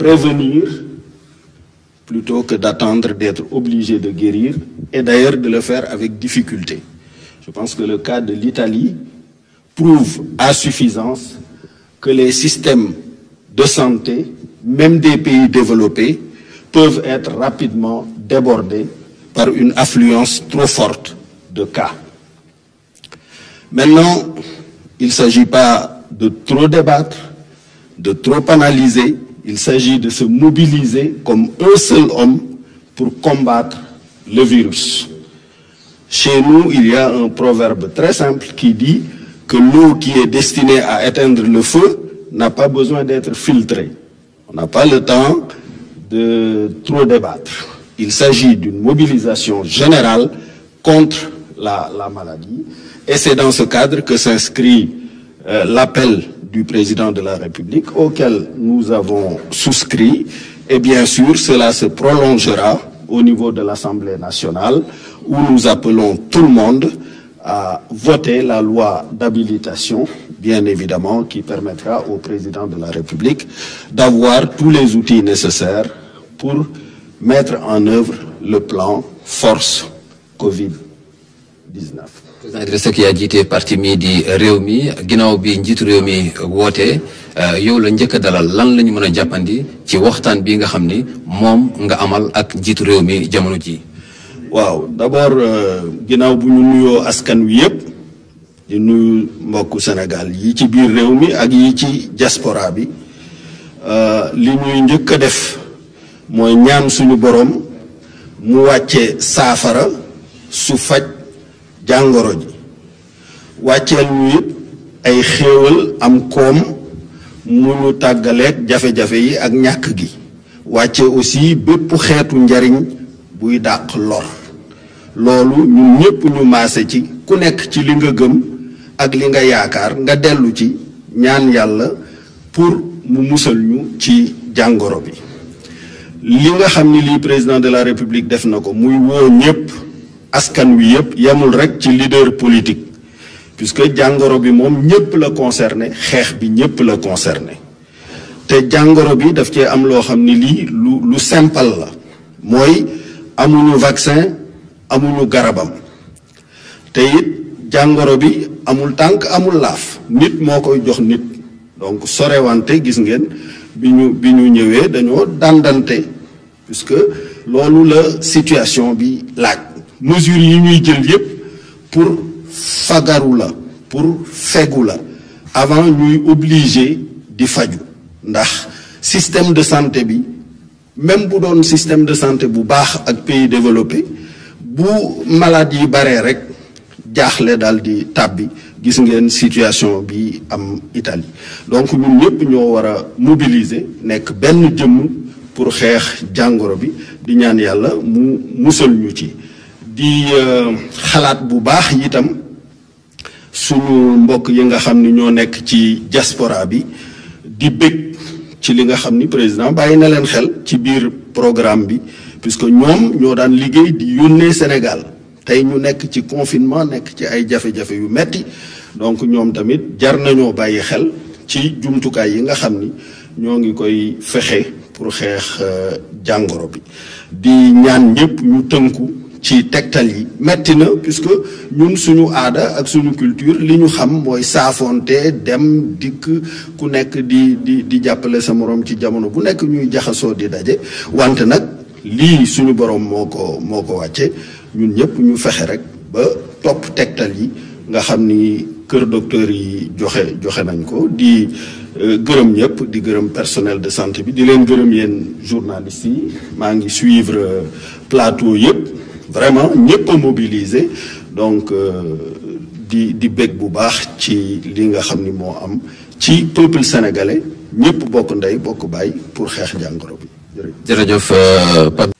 prévenir plutôt que d'attendre d'être obligé de guérir et d'ailleurs de le faire avec difficulté. Je pense que le cas de l'Italie prouve à suffisance que les systèmes de santé, même des pays développés, peuvent être rapidement débordés par une affluence trop forte de cas. Maintenant, il ne s'agit pas de trop débattre, de trop analyser, Il s'agit de se mobiliser comme un seul homme pour combattre le virus. Chez nous, il y a un proverbe très simple qui dit que l'eau qui est destinée à éteindre le feu n'a pas besoin d'être filtrée. On n'a pas le temps de trop débattre. Il s'agit d'une mobilisation générale contre la, la maladie. Et c'est dans ce cadre que s'inscrit euh, l'appel du président de la République auquel nous avons souscrit et bien sûr cela se prolongera au niveau de l'Assemblée nationale où nous tout le monde à voter la loi d'habilitation, bien évidemment, qui permettra au président de la République d'avoir tous les outils nécessaires pour mettre en œuvre plan Force covid président Idrissa Seck yaa jiite parti mii di réew mi ginnaaw bi njiitu réew mii wootee euh, yow la njëkk a dalal lan lañu mën a jàppandi ci waxtaan bi nga xam ni moom nga amal ak njiitu réew mi jamono ji waaw d'abord euh, ginnaaw bu ñu nuyoo askan wi yëpp di mbokku Sénégal yi ci biir réew mi ak ci diaspora bi euh, li ñuy njëkk a def mooy ñaan suñu boroom mu wàcce saafara su faj jàngoro ji wàcceel ñu it ay xéewal am koom mu ñu tàggaleeg jafe-jafe yi ak ñàkk gi wàcce aussi bépp xeetu njariñ buy dàq lor loolu ñun ñépp ñu maase ci ku nekk ci li nga gëm ak li nga yaakaar nga dellu ci ñaan yàlla pour mu musal ñu ci jàngoro bi li nga xam ni lii président de la république def na ko muy woo ñépp askan wi yëpp yemul rek ci leader politique puisque jàngoro bi moom ñëpp la concerné xeex bi ñëpp la concerné te jàngoro bi daf cee am loo xam ni lii lu lu simple la mooy amuñu vaccin amuñu garabam te it jàngoro bi amul tànk amul laaf nit moo koy jox nit donc sorewante gis ngeen bi ñu bi ñu ñëwee dañoo dàndante puisque loolu la situation bi laaj mesures yi ñuy jël yépp pour fagaru la pour fegu la avant ñuy obligé di faju ndax système de santé bi même bu doon système de santé bu baax ak pays développé bu malade yi baree rek jaaxle dal di tàbbi gis ngeen situation bi am Italie donc ñun ñëpp ñoo war a mobiliser nekk benn jëmm pour xeex jàngoro bi di ñaan yàlla mu musal ñu ci di euh, xalaat bu baax itam suñu mbokk yi nga xam ni ñoo nekk ci jaspora bi di bëgg ci li nga xam ni président bàyyi na leen xel ci biir programme bi que ñoom ñoo daan liggéey di yónnee Sénégal tey ñu nekk ci confinement nekk ci ay jafe-jafe yu metti donc ñoom tamit jar nañoo bàyyi xel ci jumtukaay yi nga xam ni ñoo ngi koy fexe pour xeex euh, jàngoro bi di ñaan ñëpp ñu tënku ci tegtal yi metti na puisque ñun suñu aada ak suñu culture li ñu xam mooy saafoonte dem dikk ku nekk di di di jàppale sa moroom ci jamono bu nekk ñuy jaxasoo di daje wante nag lii suñu boroom moo ko moo ko wàcce ñun ñëpp ñu fexe rek ba topp tegtal yi nga xam ni kër docteur yi joxe joxe nañ ko di euh, gërëm ñëpp di gërëm personnel de santé bi di leen gërëm yéen journalistes yi maa ngi suivre plateau yëpp vraiment ñëpp a mobiliser donc euh, di di bég bu baax ci li nga xam ni moo am ci peuple sénégalais ñëpp bokk ndey bokk baay pour xeex jàngoro bi jërëjëf euh,